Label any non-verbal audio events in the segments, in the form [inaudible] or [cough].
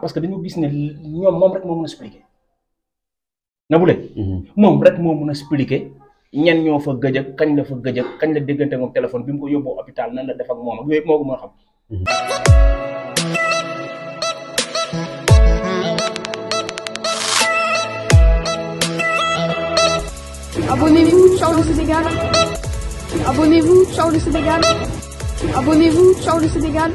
parce que dañu gis ne ñoom moom rek moo mën a expliquer bu Leye moom rek moo mën a expliquer ñan ñoo fa gëj ak kañ la fa gëj ak kañ la déggante moom téléphone bi mu ko yóbboo hôpital nan la def ak moom ak yooyu moo ko mën a xam Abonnez-vous, ciao le Sénégal. Abonnez-vous, ciao le Sénégal. Abonnez-vous, ciao le Sénégal.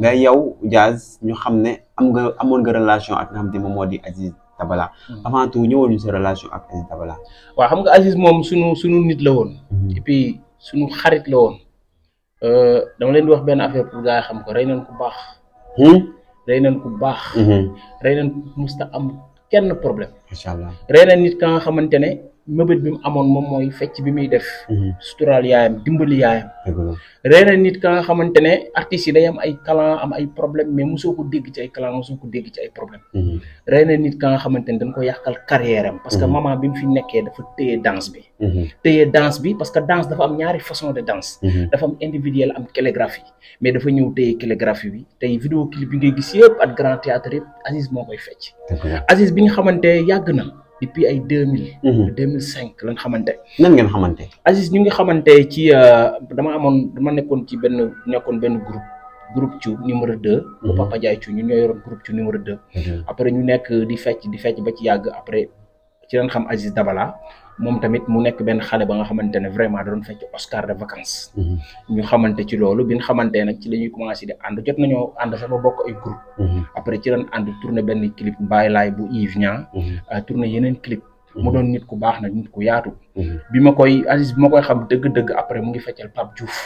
nga yow Diaz ñu xam ne am nga amoon nga relation ak nga xam ne moo di Aziz Dabala hmm. avant tout ñëwoon ñu sa relation ak Aziz Dabala waaw xam nga Aziz moom suñu suñu nit la woon hmm. et puis suñu xarit la woon euh, dama leen di wax benn affaire pour gars xam ko rey nañ ku baax hmm? rey nañ ku baax rey nañ ku musta am kenn problème macha allah nit ka nga mëbët bi mu amoon moom mooy fecc bi muy def. Mhm. suturaal yaayam dimbali yaayam. reena nit ka nga xamante ne artistes yi day am ay talent am ay problème mais mosoo ko dégg ci ay talent mosoo ko dégg ci ay problème mhm. reena nit ka nga xamante ne dañ ko yàqal carrière am. parce que mhm. maman bi mu fi nekkee dafa téye bi. téye danse bi parce que danse dafa am ñaari façon de danse. dafa am individuel am calligraphie mais dafa ñëw tey calligraphie bi tey vidéo clip bi ngay gis yëpp at grand théâtre yëpp Aziz moo koy fecc. Aziz bi nga xamante yàgg na. depuis ay deux mille. Mhm. deux mille cinq lañ xamante. nan ngeen xamante. Aziz ñu ngi xamante ci euh, dama amoon dama nekkoon ci benn nekkoon benn groupe. groupe ci numéro deux mhm. bu Papa Ndiaye ci ñun ñoo yoroon groupe ci numéro 2. Mhm. après ñu nekk di fecc di fecc ba ci yàgg après ci lañ xam Aziz Dabala. moom tamit mu nekk benn xale ba nga xamante ne vraiment da doon fecc Oscar de vacances. Mhm. ñu xamante ci loolu bi ñu xamante nag ci la ñuy commencé di ànd jot nañoo ànd sax ba bokk ay groupe. Mhm. après ci lañ ànd tourné benn clip Baye Laay bu Yves Niang. Mhm. Euh, tourné yeneen clip. mu doon nit ku baax na nit ku yaatu. bi ma koy Aziz bi ma koy xam dëgg-dëgg après mu ngi feccal Pape Diouf.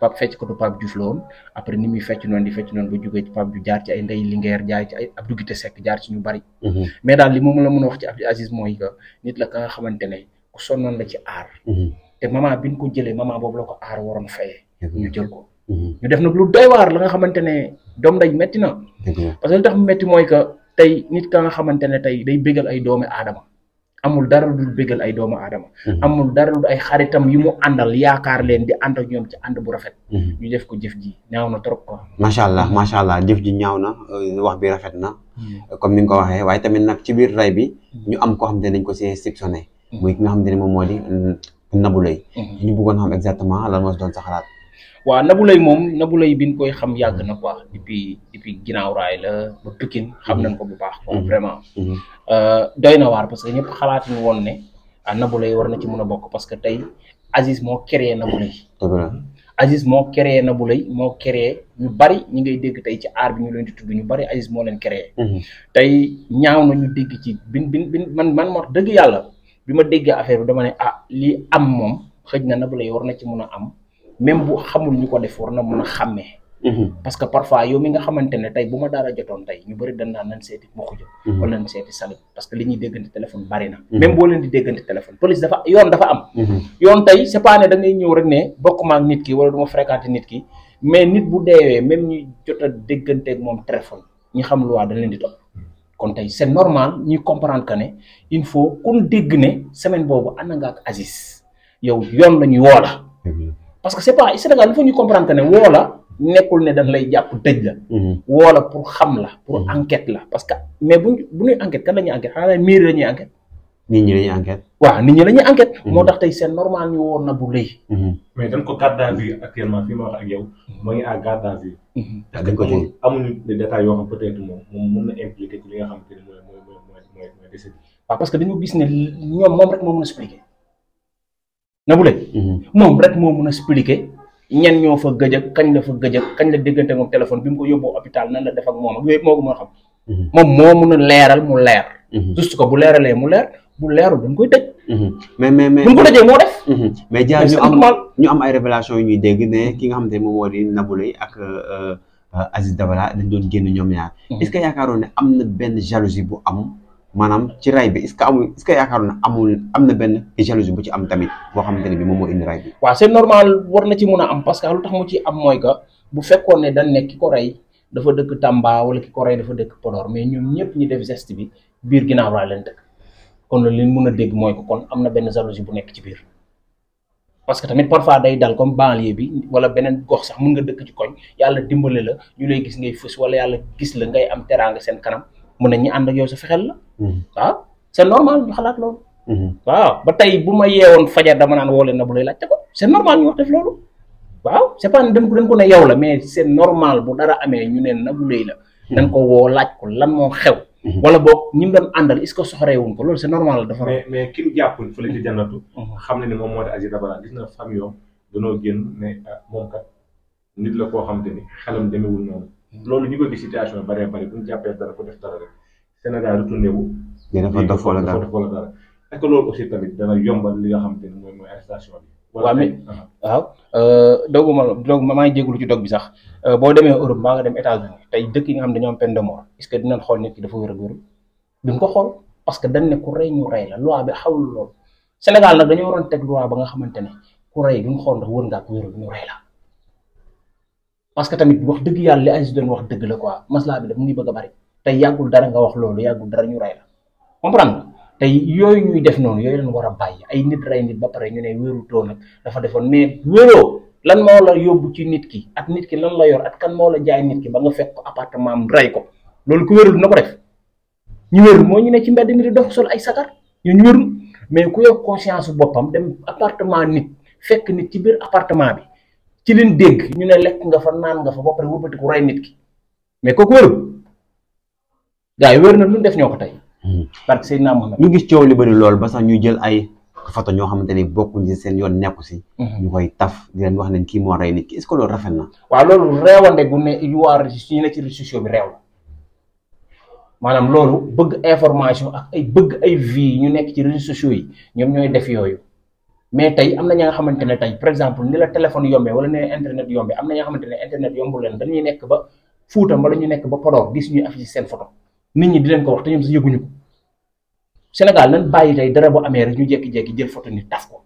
Pape fecc ko du Pape Diouf la woon après ni muy fecc noonu di fecc noonu ba jógee ci Pape Diouf jaar ci ay Ndeye Linguère jaar ci ay Abdou Guité Seck jaar ci ñu bari. Mhm. mais daal li moom la mën a wax ci Abdou mooy que nit la ka nga xamante ku sonnoon la ci aar. Mhm. te maman bi ko jëlee maman boobu la ko aar waroon fayee. ñu jël ko. Mhm. ñu def nag lu doy waar la nga xamante doom day metti na. parce que li tax metti mooy que tey nit ka nga xamante tey day bégal ay doomi amul dara lu dul bégal ay doomu aadama. Mhm. amul dara lu ay xaritam yu mu àndal yaakaar leen di ànd ak ñoom ci ànd bu rafet. Mhm. ñu def ko jëf ji ñaaw na trop ko macha allah macha allah jëf ji ñaaw na euh, wax bi rafet na. Mhm. comme ni nga ko waxee waaye tamit nag ci biir ray bi. ñu am ko xam ne dañ ko si exceptionné. muy ki nga xam ne moom moo di euh, Nabou Leye. ñu buggoon xam exactement lan moo doon sa xalaat. waaw Nabou Leye moom Nabou Leye bi ñu koy xam yàgg na quoi depuis depuis ginnaaw raay la ba Pikine xam nañ ko bu baax. quoi mhm. vraiment. Mhm. Euh, doy na waar parce que ñëpp xalaatuñu woon ne ah Nabou Leye war na ci mun a bokk parce que tey Aziz moo créé Nabou Leye. moo créé Nabou Leye moo créé ñu bari ñi ngay dégg tey ci aar bi ñu leen di tudd ñu bari Aziz moo leen créé. Mhm. tey ñaaw na ñu dégg ci bin bin bin man man moo dëgg yàlla bi ma déggee affaire bi dama ne ah lii am moom xëj na Nabou Leye war na ci mën a am. même bu xamul ñu ko def war na mën a xàmmee. Mhm. parce que parfois yow mi nga xamante ne tey bu ma dara jotoon tey ñu bëri dañ naan nañ seeti Mokoudia. Mhm. wala nañ seeti Salim parce que li ñuy déggante téléphone bari na. Mhm. même boo leen di déggante téléphone police dafa yoon dafa am. yoon tey c'est pas ne da ngay ñëw rek ne bokkuma ak nit ki wala duma ma nit ki mais nit bu deewee même ñu jot a dégganteeg moom téléphone ñi xam lu waa dañ leen di topp. kon tey c'est normal ñuy comprendre ne il faut kun dégg ne semaine boobu ànd nga ak yow yoon la ñu woo parce que c'est pas il faut ñu comprendre wola dañ lay japp la. Mhm. wola pour xam la pour mhm. enquête la parce que mais bu enquête kan enquête enquête. nit ñi enquête. wa nit ñi enquête. Mhm. motax tay c'est normal ñu mais dañ ko garde à actuellement fi ma wax ak yow ngi à garde vue. dañ ko amuñu des détails yo xam peut-être mom mom mën na impliquer ci li nga xam moy moy moy moy parce que dañu gis né ñom rek expliquer. na mhm. moom rek moo mun a expliquer ñan ñoo fa gëj ak kañ la fa gëj ak kañ la déggante moom téléphone bi mu ko yóbboo hôpital nan la def ak moom ak mën a mhm. moom moo mun a leeral mu leer mhm. juste ko bu leeralee mu leer bu leerul dañ koy tëj mais mais mais bu ñu ko mais ñu am ñu am yu ñuy dégg ki nga xam ne moom moo di Nabou Leye ak euh, euh, Aziz Dabala dañ doon génn ñoom ñaar est-ce que yaakaaroon ne am na benn jalousie bu am maanaam ci ray bi est-ce que amul est-ce que yaakaaru am na benn jalousie bu ci am tamit boo xamante ne bi moom moo indi ray bi. waaw c'est normal war na ci mun a am parce que lu tax mu ci am mooy que bu fekkoon ne dañ nekk ki ko rey dafa dëkk Tamba wala ki ko rey dafa dëkk Podor mais ñoom ñëpp ñu def geste bi biir ginnaaw laa leen dëkk kon loolu leen mun a dégg mooy ko am na benn jalousie bu nekk ci biir. parce que tamit parfois day dal comme banlieue bi wala beneen gox sax mun nga dëkk ci koñ yàlla dimbale la ñu lay gis ngay fës wala yàlla gis la ngay am teraanga seen kanam. mun na ñu ànd ak yow sa fexeel la. Mhm. waaw c'est normal ñu xalaat loolu. Mhm. waaw ba tey bu ma yeewoon fajar dama naan woo leen na bu lay laajte ko c'est normal ñu wax def loolu. ne yow la mais seen normal bu dara amee ñu ne na bu la. Mhm. dañ ko woo laaj ko lan moo xew. wala boo ñi mu doon àndal est-ce que soxoreewuñ ko loolu c'est normal dafa. mais mais ki ñu jàppul fële ci jannatu. xam na ne moom moo di Aziz Dabala gis na famille yoom danoo génn ne ah, moom kat nit la koo xam te ni xelam demewul noonu. loolu ñu ko gis situation yi bëree bëri bu ñu jàppee dara ko def dara rek Sénégal retourné wu. dina fa def ni mooy mooy bi. waaw mais ah. waaw euh, doogu ma doog maa ci dog bi sax euh, boo demee Europe maa dem États-Unis dëkk yi xam dañoo am peine de mort est-ce que dinañ xool a ko xool parce que dañ ne ku rey ñu rey la loi bi xawul loolu Sénégal nag dañoo waroon teg ba nga xamante ne ku rey duñ xool ndax wër ngaa ko wérul ñu rey la parce que tamit wax deug yalla li Aziz doon wax deug la quoi masla bi daf mu ngi bëgg bari tay yagul dara nga wax lolu yagul dara ñu ray la comprendre tay yoy ñuy def non yoy lañ wara bayyi ay nit ray nit ba pare ñu né wëru to nak dafa defon mais wëro lan mo la yobbu ci nit ki ak nit ki lan la yor ak kan mo la jaay nit ki ba nga fekk appartement ray ko lolu ku wérul nako def ñu wérul mo ñu né ci mbéd mi di dox sol ay sakar ñu ñu mais ku yor conscience bopam dem appartement nit fekk nit ci bir appartement bi ci leen dégg ñu ne lekk nga fa naan nga fa ba pare wëbbati ku rey nit ki mais kooku wëru gars yi wër na lu ñu def ñoo ko tey. parce que sëñ naa moom ñu gis coow li bari lool ba sax ñu jël ay photo ñoo xamante ni bokkuñ ci seen yoon nekku si. Hmm. koy taf di leen wax ne kii moo rey nit ki est ce rafet na. waaw loolu réewande ñu ne ci réseaux sociaux bi réew la maanaam loolu bëgg information ak ay bëgg ay vie ñu nekk ci réseaux yi ñoom ñooy def yooyu. mais tey am na ñi xamante ne tey par exemple ni la téléphone yombee wala ne internet yombee am na ñi nga xamante ne internet yombul leen dañuy nekk ba Fuuta wala ñu nekk ba Podor gis ñuy affiché seen photo nit ñi di leen ko wax te ñoom si yëguñu ko Sénégal nan bàyyi tey dara bu amee rek ñu jékki-jékki jël photo nit taf ko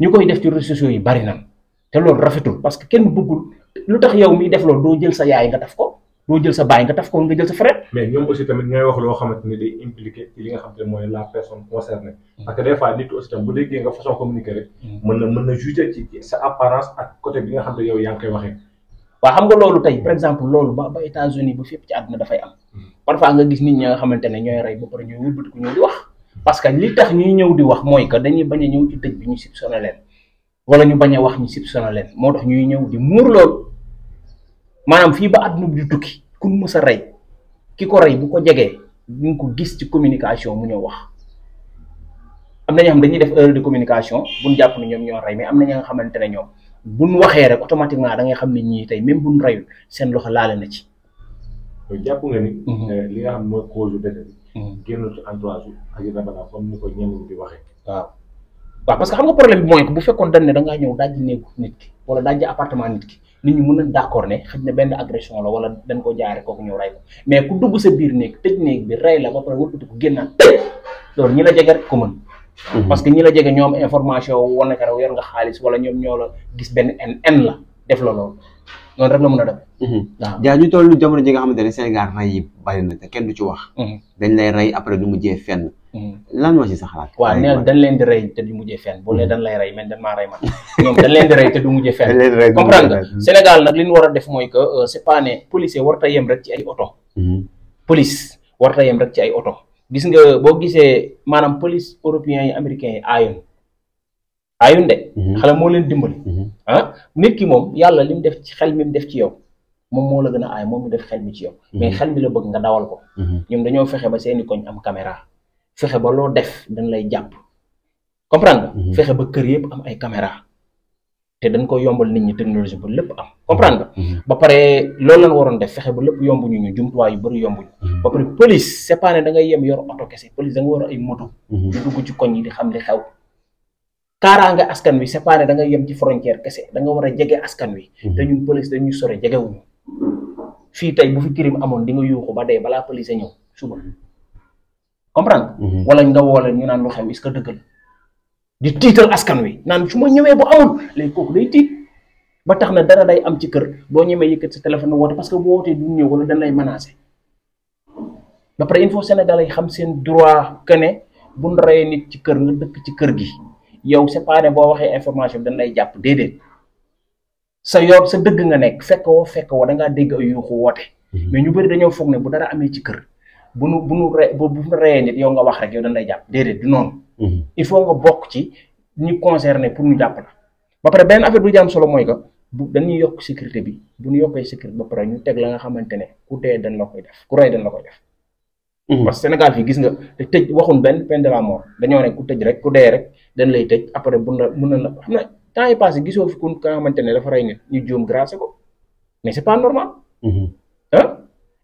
ñu koy def ci réseaux yi bari nan te loolu rafetul parce que kenn bëggul lu tax yow miy def loolu doo jël sa yaay nga taf ko do jël sa baay nga taf ko nga jël sa frère. mais ñom aussi tamit ñoy wax lo xamanteni day impliquer ci li nga xam moy la personne concernée. parce que des fois nit aussi tam bu déggé nga façon communiquer rek. Mm. mën na mën na juger ci sa apparence ak côté bi nga xam yow yang koy waxé wa xam nga lolu tay par exemple lolu ba États-Unis bu fépp ci aduna da fay am. Mm. parfois nga gis nit ñi nga xamanteni ñoy ray rey paré ñoy ñooy ko ñoy di wax. parce que li tax ñuy ñëw di wax moy que dañuy bañ a ñëw ci dëj bi ñu soupçonné leen wala ñu bañ wax ñu soupçonné leen moo tax ñuy ñëw di mur lolu maanaam fii ba àdduna bi di tukki ku mu mës a rey ki ko rey bu ko jegee di nga ko gis ci communication mu ñëw wax am na ñoo xam dañuy def erreur de communication bu jàpp ne ñoom ñoo rey mais am na ñoo nga xamante ne ñoom buñ waxee rek automatiquement da ngay xam ne ñii tey même buñ reyul seen loxo laale na ci. jàpp nga ni. Mhm. Euh, li nga xam mooy cause yu décès bi. Mhm. génn ci entourage bi ak yu rafet comme ko ñenn ñi waxee. waaw. waaw parce que xam nga problème bi mooy bu fekkoon dañ ne da ngaa ñëw dajji néegu nit ki wala dajji appartement nit ki nit ñi mën na d'accord ne xëy na benn agression la wala dañ ko jaare kooku ñëw rey ko mais ku dugg sa biir néeg tëj néeg bi rey la ba pare wëkkati ko génnaat tëj loolu ñi la jege rek ko mën mhm. parce que ñi la jege ñoom information wan na ko yor nga xaalis wala ñoom ñoo la gis benn en en la def la loolu loolu rek la mën a demee. Mhm. waaw jaa ñu toll jamono ji nga xamante ne Sénégal rey yi bari na te kenn du ci wax. Mhm. dañ lay rey après du mujjee fenn. Mhm. lan moo ci sa xalaat. waaw dañ leen di rey te du mujjee fenn bu ne dañ lay rey man dañ maa rey man ñoom dañ leen di rey te du mujjee fenn. [laughs] comprendre nga Sénégal nag li ñu war a def mooy que euh, c'est pas ne police warut yem rek ci ay oto. police warut a yem rek ci ay oto. gis nga boo gisee maanaam police européens yi américains yi aayoon. aayun de mhm. xale moo leen dimbali mhm. ah nit ki moom yàlla li def ci xel mi mu def ci yow moom moo la gën a aay moom mu def xel mi ci yow mhm. mais xel mi la bëgg nga dawal ko ñoom dañoo fexe ba seeni koñ am caméra fexe ba loo def dañ lay jàpp comprendre fexe ba kër yëpp am ay caméra te dañ ko yombal nit ñi technologie ba lépp am comprendre ba pare loolu lañ waroon def fexe ba lépp yombuñu ñu ñu jumtuwaay yu bëri yombuñu ba pare police c'est pas da ngay yem yor oto kese police ay moto ñu ci koñ yi xam li xew kaaraanga askan wi séparé da nga yëm ci frontière kessé da nga wara djégé askan wi mhm. té ñun police soré sore jegewuñu fi tay bu fi crime amone di nga yuxu ba dé bala police ñëw suba comprendre mhm. wala nga wolé ñu nan lu xam est ce que dëgg di tiital askan wi nan suma ñëwé bu amul lay kooku day tit ba tax na dara day am ci kër bo ñëmé yëkëti sa téléphone woote parce que bo wootee du ñëw wala dañ lay menacer ba pare info sénégalais xam seen droit que ne bu ñu nit ci kër nga dëkk ci kër gi yow c'est pas ne boo waxee information bi dañ lay jàpp déedéet sa yoon sa dëgg nga nekk fekk woo fekk woo da ngaa dégg ay yuuxu woote. Mhm. mais ñu bëri dañoo foog ne bu dara amee ci kër bu nu bu nu re bu nu reyee nit yow nga wax rek yow dañ lay jàpp déedéet du noonu. Mhm. il faut nga bokk ci ñi concerné pour ñu jàpp la. ba pare benn affaire bu jaam solo mooy que bu dañuy yokk sécurité bi bu ñu yokkee sécurité ba pare ñu teg la nga xamante ne ku dee dañ la koy def ku rey dañ la koy def. Mhm. parce que Sénégal fii gis nga te tëj waxuñ benn peine de la mort dañoo ne ku tëj rek ku dee rek dañ lay tëj après mun na mun na xam na temps yi passé gisoo fi kun ka nga xamante dafa rey nit ñu juum grâce ko mais c'est pas normal. ah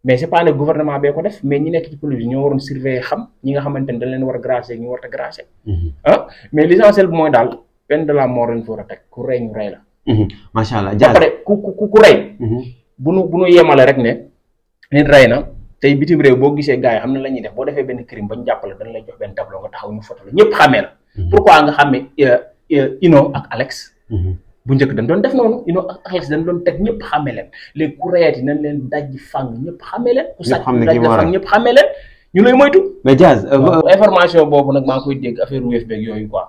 mais c'est pas ne gouvernement bee ko def mais ñu nekk ci police ñoo waroon surveiller xam ñi nga xamante ne dañ leen war a ñu war a mhm. mais l'essentiel bi mooy daal peine de la mort lañ fa war a teg ku rey ñu rey la. macha allah jaajëf rek ne nit na. tey bitim réew boo gisee gars yi xam na la ñuy def boo defee benn crime bañ jàppale dañ lay jox benn tableau nga taxaw ñu photo la la mhm. pourquoi nga xàmmee euh, euh, Ino ak Alex mhm. bu njëkk dañ doon def noonu Ino ak Alex dañ doon teg ñëpp xàmmee leen léegi ku reyaat yi nañ leen dajji fang ñëpp xàmmee leen ku sàcc dajji fang ñëpp xàmmee ñu lay moytu mais Diaz euh, information boobu nag maa koy dégg affaire wéef beeg yooyu quoi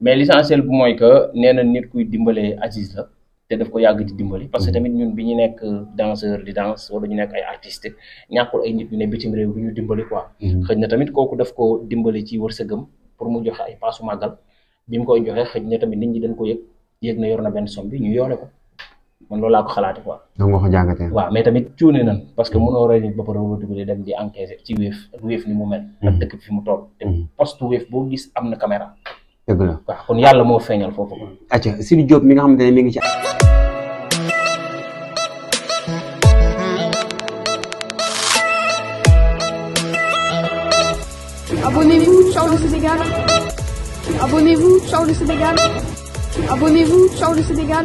mais l'essentiel bu mooy que nee na nit kuy dimbalee Aziz la te daf ko yàgg di dimbali parce que tamit hmm. ñun bi ñu nekk danseur di danse wala ñu nekk ay artiste ñàkkul ay nit ñu ne bitim réew bi ñu dimbali quoi xëy hmm. na tamit kooku daf ko dimbali ci wërsëgam pour mu joxe ay paasu màggal bi mu koy joxe xëy na tamit nit ñi dañ ko yëg yëg na yor na benn somme bi ñu yoole ko man loolu laa ko xalaate quoi donc nga ya? ko jàngatee waaw mais tamit cuune nan parce que mënoo rey ba pare wala dugalee dem di enquêter ci wéef ak wéef ni mu mel ak dëkk fi mu toll te poste wéef boo gis am na caméra dëgg la waaw kon yàlla moo feeñal foofu. acca Sidy Diop mi nga xamante ne mi ngi ci. Abonnez-vous, ciao le Sénégal. Abonnez-vous, ciao le Sénégal. Abonnez-vous, ciao le Sénégal.